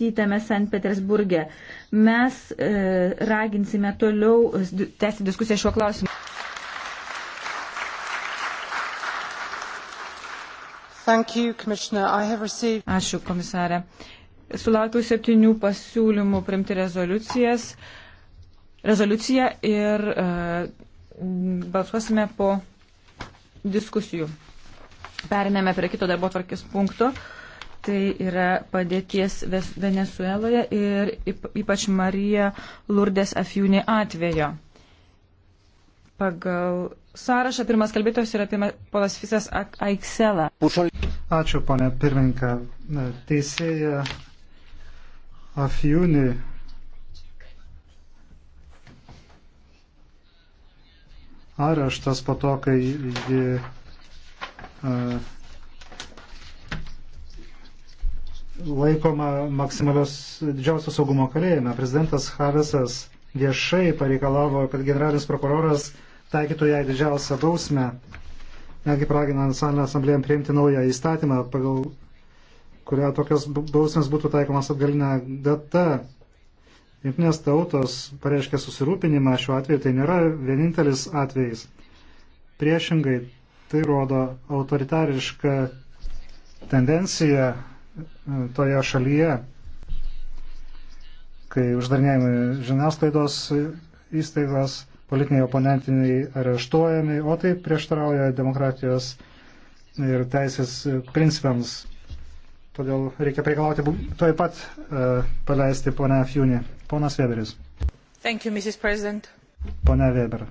numatytame Sankt Petersburgė. Mes e, raginsime toliau tęsti diskusiją šiuo klausimu. You, received... Ačiū, komisarė. Sulaukiau septynių pasiūlymų primti rezoliucijas. Rezoliuciją ir e, balsuosime po diskusijų. Periname prie kito darbo tvarkės punkto. E, Tai yra padėties Venezueloje ir ypač Marija Lourdes Afjūnė atvejo. Pagal sąrašą pirmas kalbėtojas yra ponas Fisas Aiksela. Ačiū, ponė pirmininką. Teisėja Afjūnė areštas po to, kai ji uh, laikoma maksimalios didžiausios saugumo kalėjime. Prezidentas Havesas viešai pareikalavo, kad generalinis prokuroras taikytų jai didžiausią bausmę, netgi pragina nacionalinę asamblėją priimti naują įstatymą, pagal kurią tokios bausmės būtų taikomas atgalinė data. Jungtinės tautos pareiškia susirūpinimą, šiuo atveju tai nėra vienintelis atvejis. Priešingai, tai rodo autoritarišką tendenciją toje šalyje, kai uždarnėjami žiniasklaidos įstaigos, politiniai oponentiniai areštuojami, o tai prieštarauja demokratijos ir teisės principams. Todėl reikia reikalauti toj pat uh, paleisti ponę Fjūnį. Ponas Weberis. Thank you, Mrs. President. Pone Weber.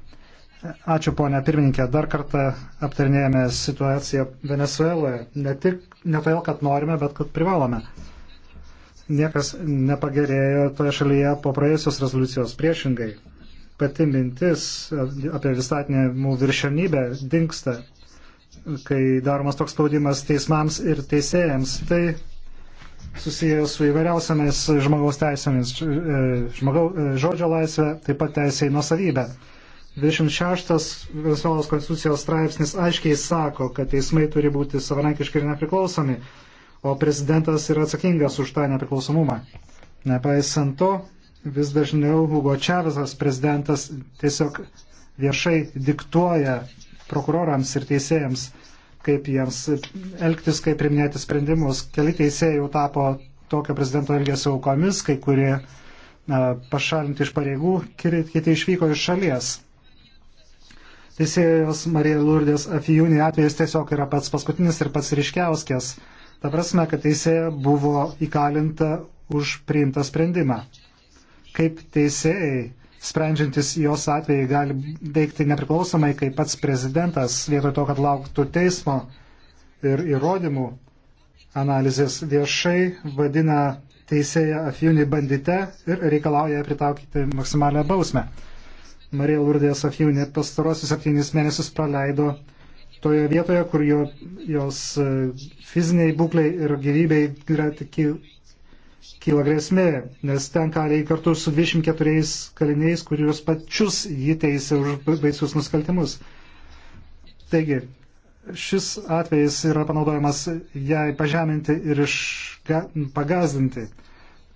Ačiū, ponia pirmininkė. Dar kartą aptarinėjame situaciją Venezueloje. Ne tik ne todėl, kad norime, bet kad privalome. Niekas nepagerėjo toje šalyje po praėjusios rezoliucijos priešingai. Pati mintis apie vistatinimų viršenybę dinksta, kai daromas toks spaudimas teismams ir teisėjams. Tai susijęs su įvairiausiamis žmogaus teisėmis, e, žmogau, e, žodžio laisvė, taip pat teisė į nusavybę. 26 Venezuelos konstitucijos straipsnis aiškiai sako, kad teismai turi būti savarankiški ir nepriklausomi, o prezidentas yra atsakingas už tą nepriklausomumą. Nepaisant to, vis dažniau Hugo Čavesas prezidentas tiesiog viešai diktuoja prokurorams ir teisėjams, kaip jiems elgtis, kaip priminėti sprendimus. Keli teisėjai jau tapo tokio prezidento elgesio aukomis, kai kurie pašalinti iš pareigų, kiti išvyko iš šalies. Teisėjos Marija Lurdės Afijūnė atvejis tiesiog yra pats paskutinis ir pats ryškiausias. Ta prasme, kad teisėja buvo įkalinta už priimtą sprendimą. Kaip teisėjai, sprendžiantis jos atvejai, gali veikti nepriklausomai, kaip pats prezidentas, vietoj to, kad lauktų teismo ir įrodymų analizės viešai vadina teisėją Afjūnį bandite ir reikalauja pritaukyti maksimalią bausmę. Marija Lurdė Safjūnė pastarosius septynis mėnesius praleido toje vietoje, kur jo, jos e, fiziniai būkliai ir gyvybei yra tik kyla grėsmė, nes ten kariai kartu su 24 kaliniais, kuriuos pačius jį teisė už baisius nusikaltimus. Taigi, šis atvejis yra panaudojamas jai pažeminti ir iš, pagazdinti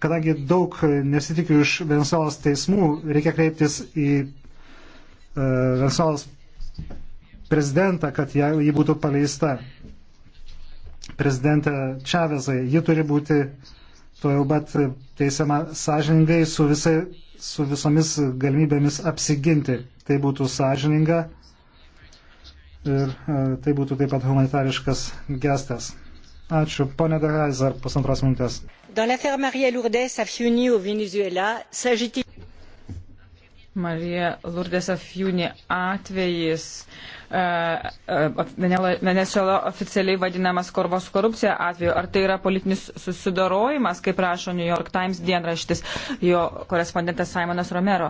kadangi daug nesitikiu iš Venezuelos teismų, reikia kreiptis į E, Venezuelos prezidentą, kad jį būtų paleista. Prezidentė Čavezai, ji turi būti to jau pat teisiama sąžiningai su, visai, su visomis galimybėmis apsiginti. Tai būtų sąžininga ir e, tai būtų taip pat humanitariškas gestas. Ačiū. Pone Dehaizer, pusantros minutės. Marija Lurdės Afjūni atvejis. E, e, Venezuela oficialiai vadinamas korvos korupcija atveju. Ar tai yra politinis susidorojimas, kaip rašo New York Times dienraštis, jo korespondentas Simonas Romero?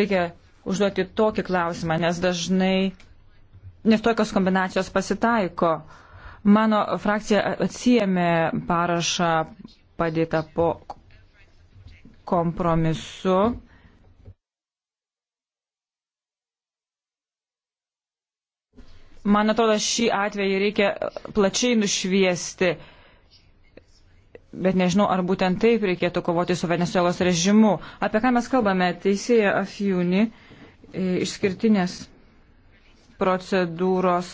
Reikia užduoti tokį klausimą, nes dažnai, nes tokios kombinacijos pasitaiko. Mano frakcija atsijėmė parašą padėtą po kompromisu Man atrodo, šį atvejį reikia plačiai nušviesti. Bet nežinau, ar būtent taip reikėtų kovoti su Venezuelos režimu. Apie ką mes kalbame? Teisėja Afjuni e, išskirtinės procedūros.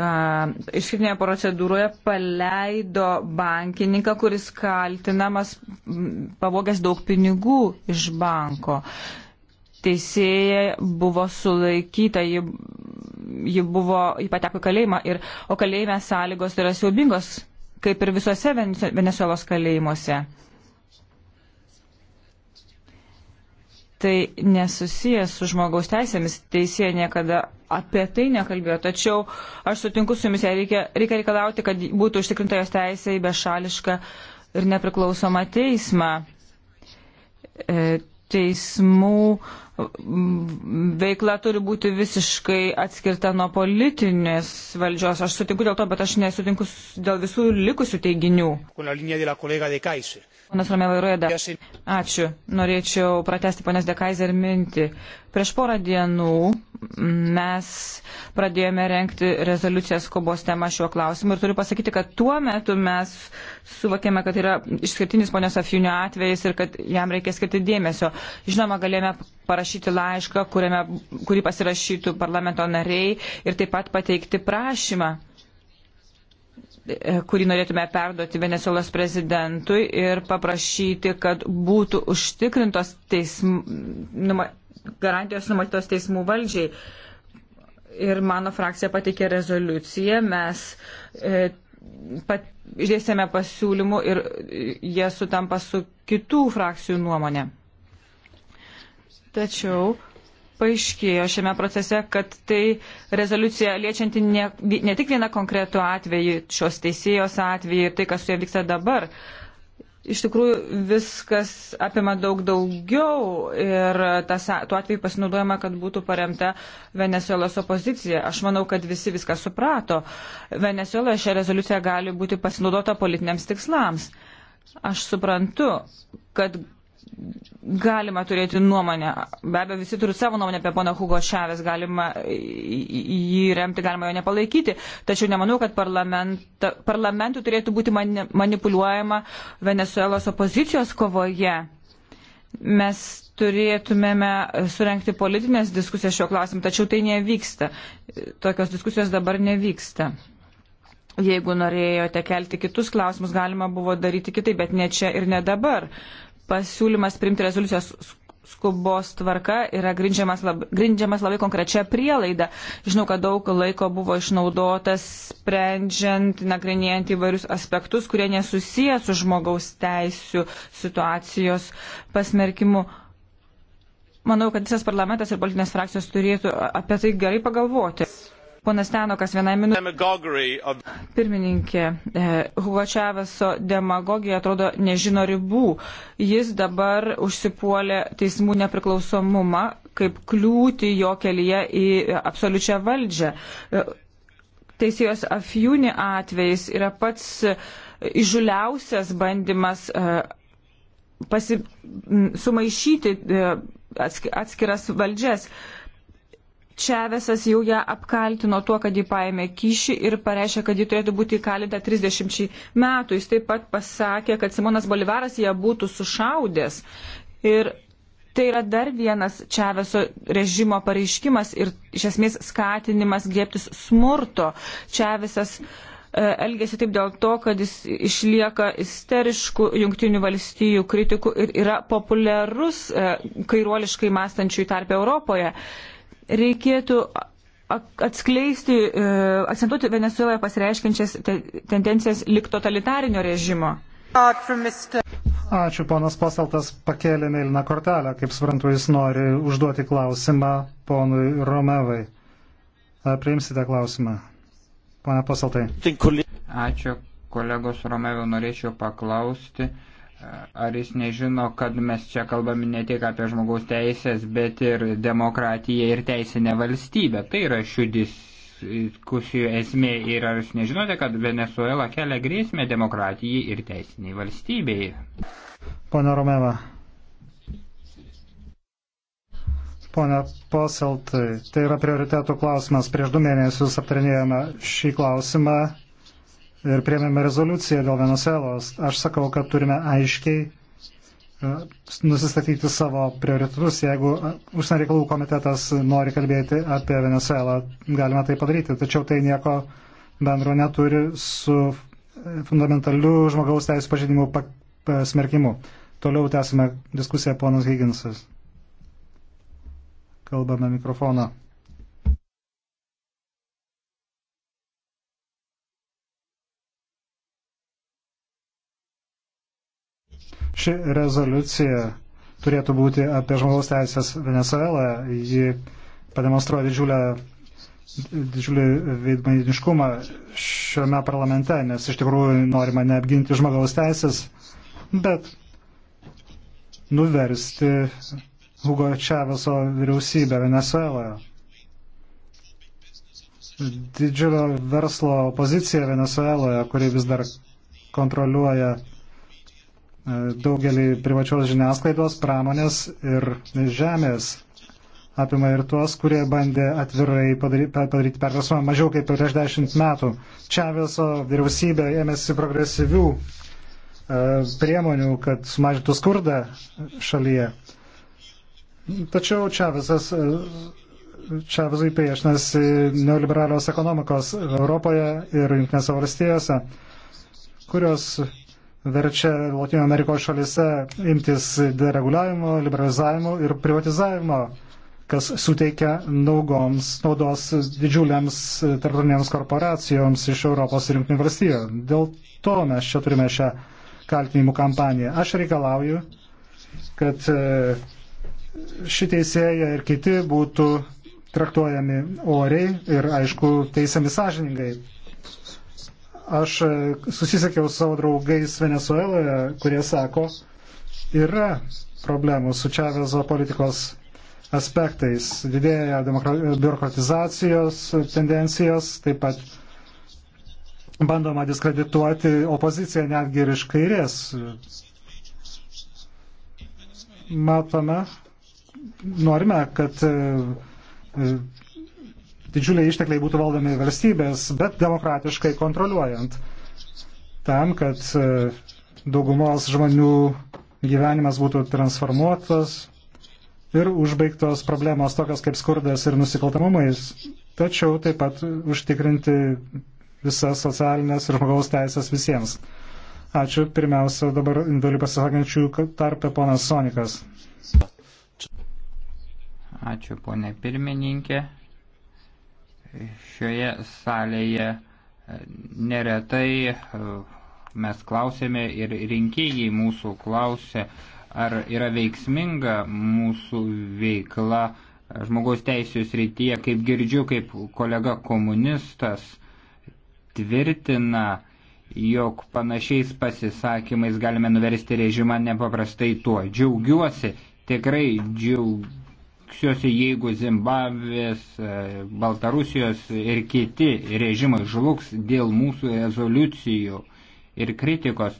Uh, išskirtinėje procedūroje paleido bankininką, kuris kaltinamas pavogęs daug pinigų iš banko. Teisėja buvo sulaikyta, ji ji buvo, ji pateko į kalėjimą, ir, o kalėjime sąlygos yra siaubingos, kaip ir visose Venezuelos kalėjimuose. Tai nesusijęs su žmogaus teisėmis, teisė niekada apie tai nekalbėjo, tačiau aš sutinku su jumis, reikia, reikia reikalauti, kad būtų užtikrinta jos teisė į bešališką ir nepriklausomą teismą. E, teismų veikla turi būti visiškai atskirta nuo politinės valdžios. Aš sutinku dėl to, bet aš nesutinku dėl visų likusių teiginių. Ponas Romėva Rueda. Ačiū. Norėčiau pratesti ponios Dekaiser mintį. Prieš porą dienų mes pradėjome renkti rezoliucijas kobos tema šiuo klausimu ir turiu pasakyti, kad tuo metu mes suvokėme, kad yra išskirtinis ponios Afiunio atvejis ir kad jam reikia skirti dėmesio. Žinoma, galėjome parašyti laišką, kuriame, kurį pasirašytų parlamento nariai ir taip pat pateikti prašymą E, kurį norėtume perduoti Venezuelos prezidentui ir paprašyti, kad būtų užtikrintos teism, numa, garantijos numatytos teismų valdžiai. Ir mano frakcija patikė rezoliuciją, mes e, pat, išdėsėme pasiūlymų ir jie sutampa su kitų frakcijų nuomonė. Tačiau paaiškėjo šiame procese, kad tai rezoliucija liečianti ne, ne tik vieną konkretų atvejį, šios teisėjos atvejį ir tai, kas su jie vyksta dabar. Iš tikrųjų viskas apima daug daugiau ir tas, tuo atveju pasinaudojama, kad būtų paremta Venezuelos opozicija. Aš manau, kad visi viską suprato. Venezueloje šią rezoliuciją gali būti pasinaudota politiniams tikslams. Aš suprantu, kad galima turėti nuomonę. Be abejo, visi turi savo nuomonę apie poną Hugo Šavės, galima jį remti, galima jo nepalaikyti. Tačiau nemanau, kad parlamentų turėtų būti mani, manipuliuojama Venezuelos opozicijos kovoje. Mes turėtumėme surenkti politinės diskusijas šiuo klausimu, tačiau tai nevyksta. Tokios diskusijos dabar nevyksta. Jeigu norėjote kelti kitus klausimus, galima buvo daryti kitaip, bet ne čia ir ne dabar. Uh, pasiūlymas priimti rezoliucijos skubos tvarka yra grindžiamas, lab, grindžiamas labai konkrečia prielaida. Žinau, kad daug laiko buvo išnaudotas sprendžiant, nagrinėjant įvairius aspektus, kurie nesusiję su žmogaus teisų situacijos pasmerkimu. Manau, kad visas parlamentas ir politinės frakcijos turėtų apie tai gerai pagalvoti. Ponas Tenokas, vieną minutę. Pirmininkė, e, Hugo Čiaveso demagogija atrodo nežino ribų. Jis dabar užsipuolė teismų nepriklausomumą kaip kliūti jo kelyje į absoliučią valdžią. E, Teisėjos Afjūni atvejs yra pats įžuliausias bandymas e, pasi, sumaišyti atskiras valdžias. Čiavesas jau ją apkaltino tuo, kad jį paėmė kyšį ir pareiškė, kad ji turėtų būti įkalinta 30 metų. Jis taip pat pasakė, kad Simonas Bolivaras ją būtų sušaudęs. Ir tai yra dar vienas Čiaveso režimo pareiškimas ir iš esmės skatinimas griebtis smurto. Čiavesas elgesi taip dėl to, kad jis išlieka isteriškų jungtinių valstijų kritikų ir yra populiarus e, kairuoliškai mąstančių tarp Europoje reikėtų atskleisti, e, akcentuoti Venezuelą pasireiškinčias tendencijas lik totalitarinio režimo. Ačiū, ponas Pasaltas pakėlė mėlyną kortelę. Kaip suprantu, jis nori užduoti klausimą ponui Romevai. Ar priimsite klausimą? Pane Pasaltai. Ačiū, kolegos Romevai, norėčiau paklausti Ar jis nežino, kad mes čia kalbame ne tik apie žmogaus teisės, bet ir demokratiją ir teisinę valstybę. Tai yra šių diskusijų esmė. Ir ar jūs nežinote, kad Venezuela kelia grėsmę demokratijai ir teisiniai valstybei? Pone Romeva. Pone Poseltai, tai yra prioritetų klausimas. Prieš du mėnesius aptarinėjome šį klausimą ir priemėme rezoliuciją dėl Venezuelos, aš sakau, kad turime aiškiai e, nusistatyti savo prioritetus. Jeigu e, užsienio reikalų komitetas nori kalbėti apie Venezuelą, galime tai padaryti, tačiau tai nieko bendro neturi su fundamentaliu žmogaus teisų pažeidimu pasmerkimu. Toliau tęsime diskusiją, ponas Higginsas. Kalbame mikrofoną. Ši rezoliucija turėtų būti apie žmogaus teisės Venezuelą. Ji pademonstruoja didžiulę didžiulį veidmainiškumą šiame parlamente, nes iš tikrųjų norima ne apginti žmogaus teisės, bet nuversti Hugo Čaveso vyriausybę Venezueloje. Didžiulio verslo opozicija Venezueloje, kuri vis dar kontroliuoja daugelį privačios žiniasklaidos, pramonės ir žemės. Apima ir tuos, kurie bandė atvirai padaryti, padaryti perversmą mažiau kaip prieš dešimt metų. Čiaveso vyriausybė ėmėsi progresyvių e, priemonių, kad sumažintų skurdą šalyje. Tačiau Čiavesas e, Čavizui priešinasi neoliberalios ekonomikos Europoje ir Junktinėse valstijose, kurios verčia Latino Amerikos šalise imtis dereguliavimo, liberalizavimo ir privatizavimo, kas suteikia naugoms, naudos didžiuliams tarptautinėms korporacijoms iš Europos ir Junktinių valstybių. Dėl to mes čia turime šią kaltinimų kampaniją. Aš reikalauju, kad e, ši teisėja ir kiti būtų traktuojami oriai ir, aišku, teisiami sąžiningai. Aš e, susisiekiau su savo draugais Venezueloje, kurie sako, yra problemų su Čavezo politikos aspektais. Didėja biurokratizacijos tendencijos, taip pat bandoma diskredituoti opoziciją netgi ir iš kairės. Matome, norime, kad e, didžiuliai ištekliai būtų valdomi valstybės, bet demokratiškai kontroliuojant. Tam, kad e, daugumos žmonių gyvenimas būtų transformuotas ir užbaigtos problemos tokios kaip skurdas ir nusikaltamumais, tačiau taip pat užtikrinti visas socialinės ir žmogaus teisės visiems. Ačiū. Pirmiausia, dabar indėlių pasisakančių tarpė ponas Sonikas. Ačiū, ponė pirmininkė šioje salėje e, neretai e, mes klausėme ir rinkėjai mūsų klausė, ar yra veiksminga mūsų veikla e, žmogaus teisų srityje, kaip girdžiu, kaip kolega komunistas tvirtina, jog panašiais pasisakymais galime nuversti režimą nepaprastai tuo. Džiaugiuosi, tikrai džiaugiuosi diskusijose, jeigu Zimbabvės, e, Baltarusijos ir kiti režimai žlugs dėl mūsų rezoliucijų ir kritikos.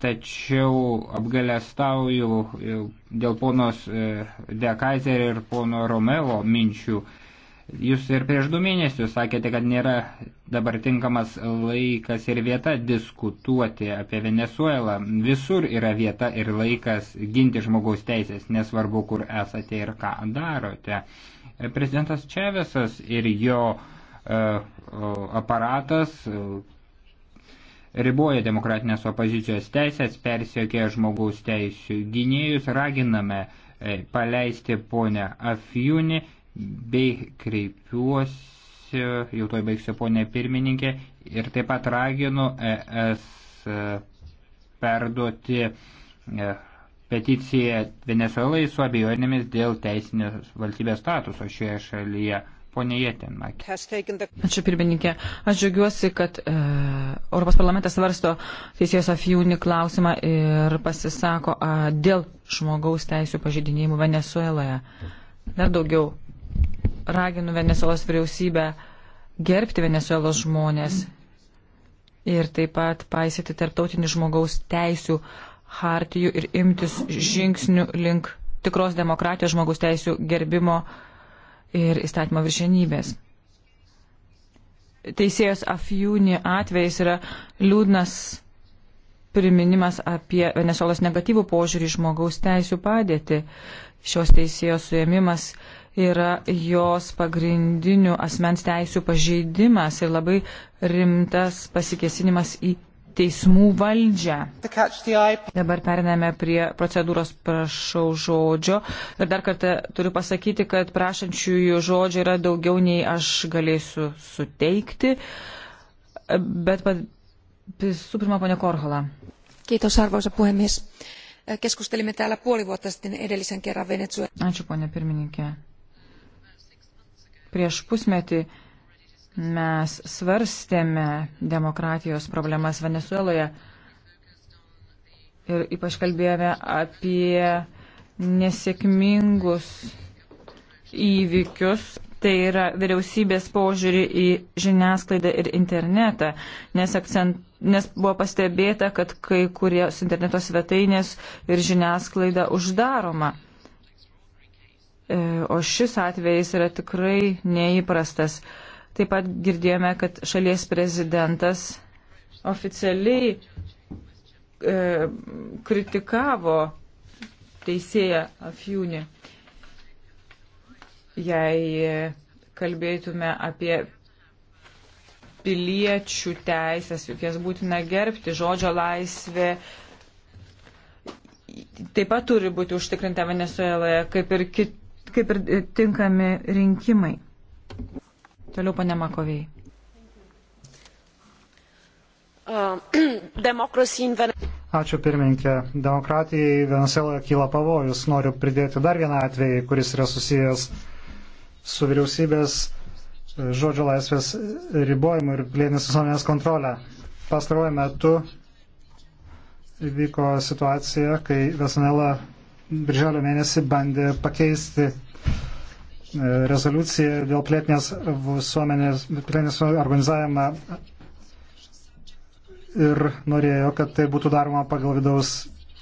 Tačiau apgalėstauju e, dėl ponos e, Dekaiser ir pono Romevo minčių. Jūs ir prieš du mėnesius sakėte, kad nėra dabar tinkamas laikas ir vieta diskutuoti apie Venezuelą. Visur yra vieta ir laikas ginti žmogaus teisės, nesvarbu, kur esate ir ką darote. Prezidentas Čevesas ir jo uh, aparatas uh, riboja demokratinės opozicijos teisės, persiekė žmogaus teisų gynėjus, raginame uh, paleisti ponę Afjuni bei kreipiuosi, jau toj baigsiu ponė pirmininkė, ir taip pat raginu ES perduoti e, peticiją Venezuelai su abejonėmis dėl teisinės valstybės statuso šioje šalyje. Pone Jėtinmakė. Ačiū pirmininkė. Aš džiaugiuosi, kad e, Europos parlamentas svarsto teisėjos Afijūni klausimą ir pasisako a, dėl žmogaus teisų pažydinėjimų Venezueloje. Dar daugiau raginu Venezuelos vyriausybę gerbti Venezuelos žmonės ir taip pat paisyti tarptautinių žmogaus teisių hartijų ir imtis žingsnių link tikros demokratijos žmogaus teisių gerbimo ir įstatymo viršenybės. Teisėjas Afjūni atvejais yra liūdnas priminimas apie Venezuelos negatyvų požiūrį žmogaus teisų padėtį. Šios teisėjos suėmimas yra jos pagrindinių asmens teisų pažeidimas ir labai rimtas pasikesinimas į teismų valdžią. Dabar periname prie procedūros prašau žodžio. Ir dar kartą turiu pasakyti, kad prašančiųjų žodžio yra daugiau nei aš galėsiu suteikti. Bet visų pirma, ponia Korhola. Kiitos, arvoisa puhemies. Keskustelimme täällä puoli vuotta sitten edellisen kerran Venezuelasta. Ačiū, ponia pirmininkė. Prieš pusmetį mes svarstėme demokratijos problemas Venezueloje ir ypač kalbėjome apie nesėkmingus įvykius, tai yra vyriausybės požiūrį į žiniasklaidą ir internetą, nes, akcent, nes buvo pastebėta, kad kai kurios interneto svetainės ir žiniasklaida uždaroma. E, o šis atvejis yra tikrai neįprastas. Taip pat girdėjome, kad šalies prezidentas oficialiai e, kritikavo teisėją Afjūnį. Jei kalbėtume apie piliečių teisės, juk jas būtina gerbti, žodžio laisvė. Taip pat turi būti užtikrinta Venezueloje, kaip ir kit, kaip ir e, tinkami rinkimai. Toliau pane Makovėjai. Ačiū pirmininkė. Demokratijai Venezuela kyla pavojus. Noriu pridėti dar vieną atvejį, kuris yra susijęs su vyriausybės e, žodžio laisvės ribojimu ir plėnės visuomenės kontrolę. Pastaruoju metu vyko situacija, kai Venezuela birželio mėnesį bandė pakeisti e, rezoliuciją dėl plėtinės visuomenės, plėtinės organizavimą ir norėjo, kad tai būtų daroma pagal vidaus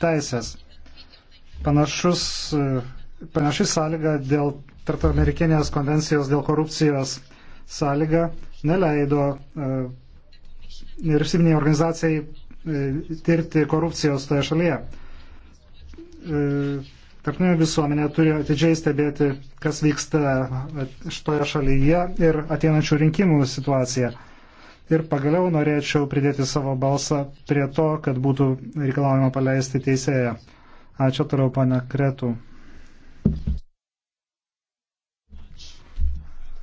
teisės. Panašus, e, panaši sąlyga dėl tartamerikinės konvencijos dėl korupcijos sąlyga neleido e, nevyriausybiniai organizacijai tirti korupcijos toje šalyje. E, tarpinė visuomenė turi atidžiai stebėti, kas vyksta šitoje šalyje ir ateinančių rinkimų situaciją. Ir pagaliau norėčiau pridėti savo balsą prie to, kad būtų reikalaujama paleisti teisėją. Ačiū toliau, pana Kretų.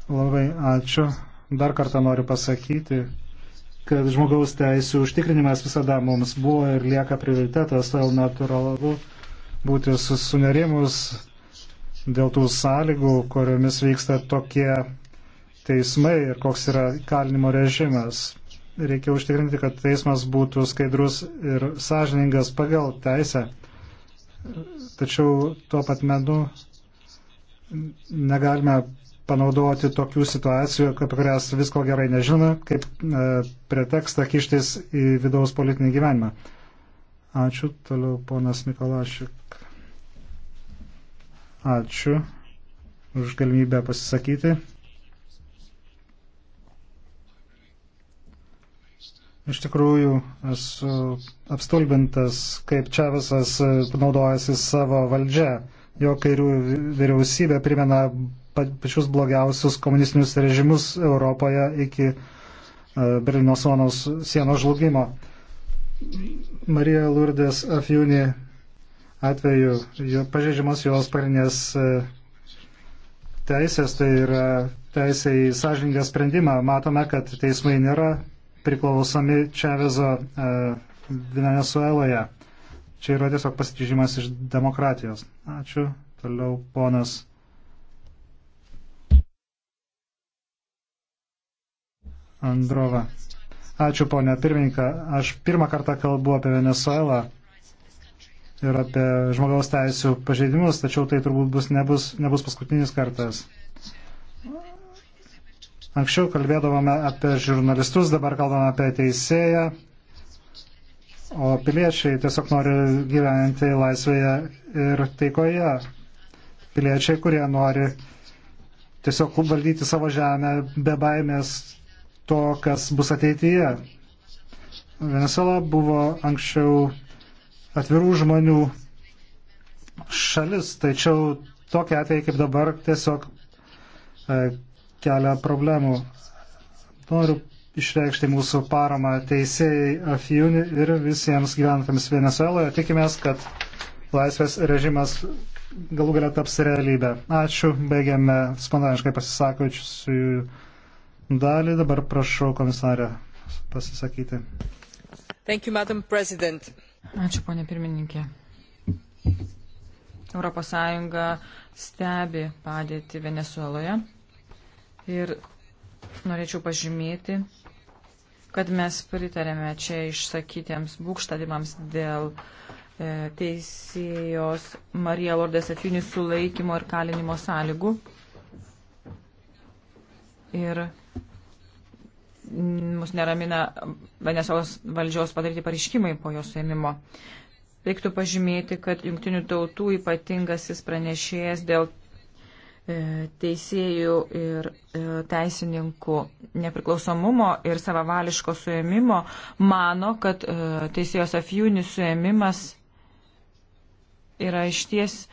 Labai ačiū. Dar kartą noriu pasakyti, kad žmogaus teisų užtikrinimas visada mums buvo ir lieka prioritetas, todėl natūralu būti susunerimus dėl tų sąlygų, kuriomis vyksta tokie teismai ir koks yra kalinimo režimas. Reikia užtikrinti, kad teismas būtų skaidrus ir sąžiningas pagal teisę. Tačiau tuo pat metu negalime panaudoti tokių situacijų, apie kurias visko gerai nežinome, kaip e, pretekstą kištis į vidaus politinį gyvenimą. Ačiū. Toliau ponas Mikolašik. Ačiū už galimybę pasisakyti. Iš tikrųjų, esu apstulbintas, kaip Čiavasas panaudojasi savo valdžia. Jo kairių vyriausybė primena pačius blogiausius komunistinius režimus Europoje iki e, Berlyno sienos žlugimo. Marija Lourdes Afjūni atveju jo, pažeidžiamos jos parinės e, teisės, tai yra teisė į sąžiningą sprendimą. Matome, kad teismai nėra priklausomi Čevezo e, Venezueloje. Čia yra tiesiog pasityžimas iš demokratijos. Ačiū. Toliau ponas. Androva. Ačiū, ponė pirmininką. Aš pirmą kartą kalbu apie Venezuelą ir apie žmogaus teisų pažeidimus, tačiau tai turbūt bus, nebus, nebus paskutinis kartas. Anksčiau kalbėdavome apie žurnalistus, dabar kalbame apie teisėją, o piliečiai tiesiog nori gyventi laisvėje ir taikoje. Piliečiai, kurie nori tiesiog valdyti savo žemę be baimės to, kas bus ateityje. Venezuela buvo anksčiau atvirų žmonių šalis, tačiau tokia atveja kaip dabar tiesiog e, kelia problemų. Noriu išreikšti mūsų paramą teisėjai Afjuni ir visiems gyventams Venezueloje. Tikimės, kad laisvės režimas galų galia taps realybę. Ačiū, baigiame spontaniškai pasisakočiusių dalį. Dabar prašau komisarę pasisakyti. Thank you, Madam President. Ačiū, ponė pirmininkė. ES stebi padėti Venezueloje ir norėčiau pažymėti, kad mes pritarėme čia išsakytiems būkštadimams dėl e, teisėjos Marija Lordės atjūnį sulaikymo ir kalinimo sąlygų. Ir mus neramina Venezuelos valdžios padaryti pareiškimai po jos ėmimo. Reiktų pažymėti, kad jungtinių tautų ypatingasis pranešėjas dėl e, teisėjų ir e, teisininkų nepriklausomumo ir savavališko suėmimo mano, kad e, teisėjos Afjūnis suėmimas yra išties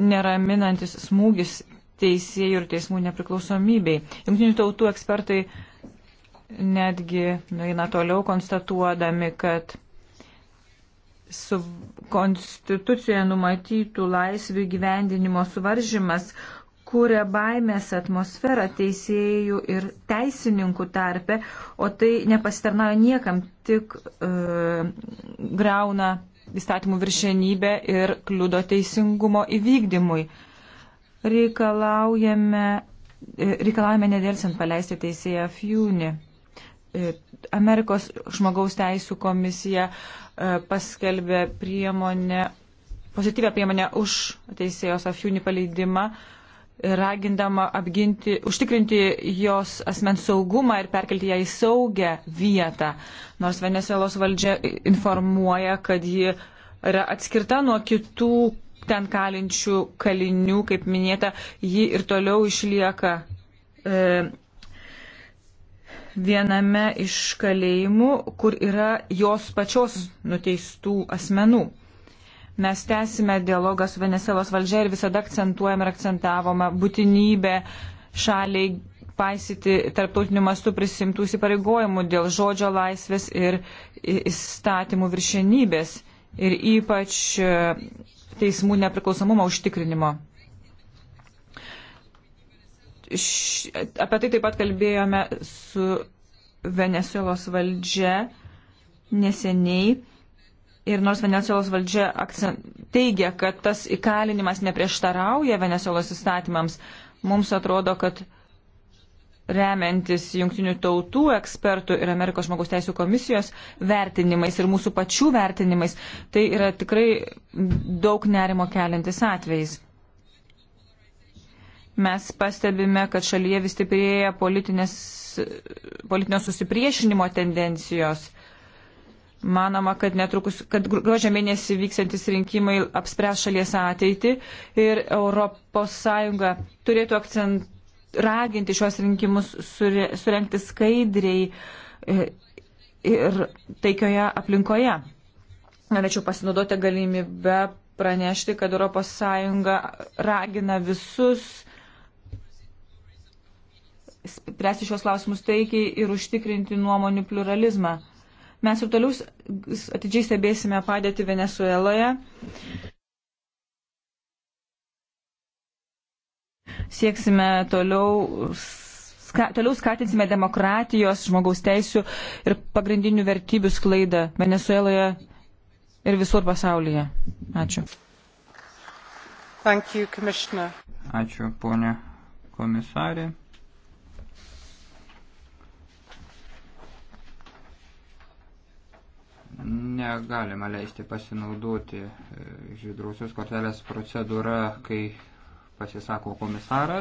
neraminantis smūgis teisėjų ir teismų nepriklausomybei. Junktinių tautų ekspertai uh, netgi nueina toliau konstatuodami, kad su konstitucijoje numatytų laisvių gyvendinimo suvaržymas kūrė baimės atmosferą teisėjų ir teisininkų tarpe, o tai nepasitarnauja niekam, tik e, grauna įstatymų viršenybę ir kliudo teisingumo įvykdymui. Reikalaujame, e, reikalaujame nedėlsint paleisti teisėją Fjūni. Amerikos žmogaus teisų komisija e, paskelbė priemonę, pozityvę priemonę už teisėjos Afjūnį paleidimą, ragindama apginti, užtikrinti jos asmens saugumą ir perkelti ją į saugę vietą. Nors Venezuelos valdžia informuoja, kad ji yra atskirta nuo kitų ten kalinčių kalinių, kaip minėta, ji ir toliau išlieka e, viename iš kalėjimų, kur yra jos pačios nuteistų asmenų. Mes tęsime dialogą su Venezuelos valdžia ir visada akcentuojam ir akcentavome būtinybę šaliai paisyti tarptautiniu mastu prisimtų įsipareigojimų dėl žodžio laisvės ir įstatymų viršenybės ir ypač e, teismų nepriklausomumo užtikrinimo š, apie tai taip pat kalbėjome su Venezuelos valdžia neseniai. Ir nors Venezuelos valdžia akcent, teigia, kad tas įkalinimas neprieštarauja Venezuelos įstatymams, mums atrodo, kad remiantis jungtinių tautų ekspertų ir Amerikos žmogaus teisų komisijos vertinimais ir mūsų pačių vertinimais, tai yra tikrai daug nerimo keliantis atvejais mes pastebime, kad šalyje vis stiprėja politinio susipriešinimo tendencijos. Manoma, kad netrukus, kad gruodžio mėnesį vyksiantis rinkimai apspręs šalies ateitį ir ES turėtų akcent, raginti šios rinkimus sure, surenkti skaidriai e, ir taikioje aplinkoje. Norėčiau pasinaudoti galimybę pranešti, kad ES ragina visus spręsti šios klausimus taikiai ir užtikrinti nuomonių pluralizmą. Mes ir toliau atidžiai stebėsime padėti Venezueloje. Sieksime toliau, ska, toliau skatinsime demokratijos, žmogaus teisų ir pagrindinių vertybių sklaidą Venezueloje ir visur pasaulyje. Ačiū. Thank you, Ačiū, ponė komisarė. negalima leisti pasinaudoti e, žydrusios kortelės procedūra, kai pasisako komisaras.